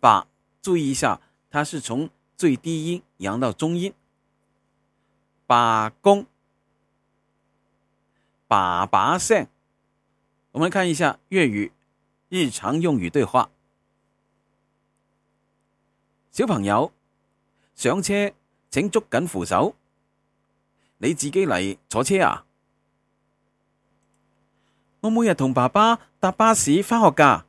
罷，注意一下，它是從最低音揚到中音。罷工，吧吧聲。我們看一下粵語日常用語對話。小朋友上車，請捉緊扶手。你自己嚟坐車啊？我每日同爸爸搭巴士翻學噶。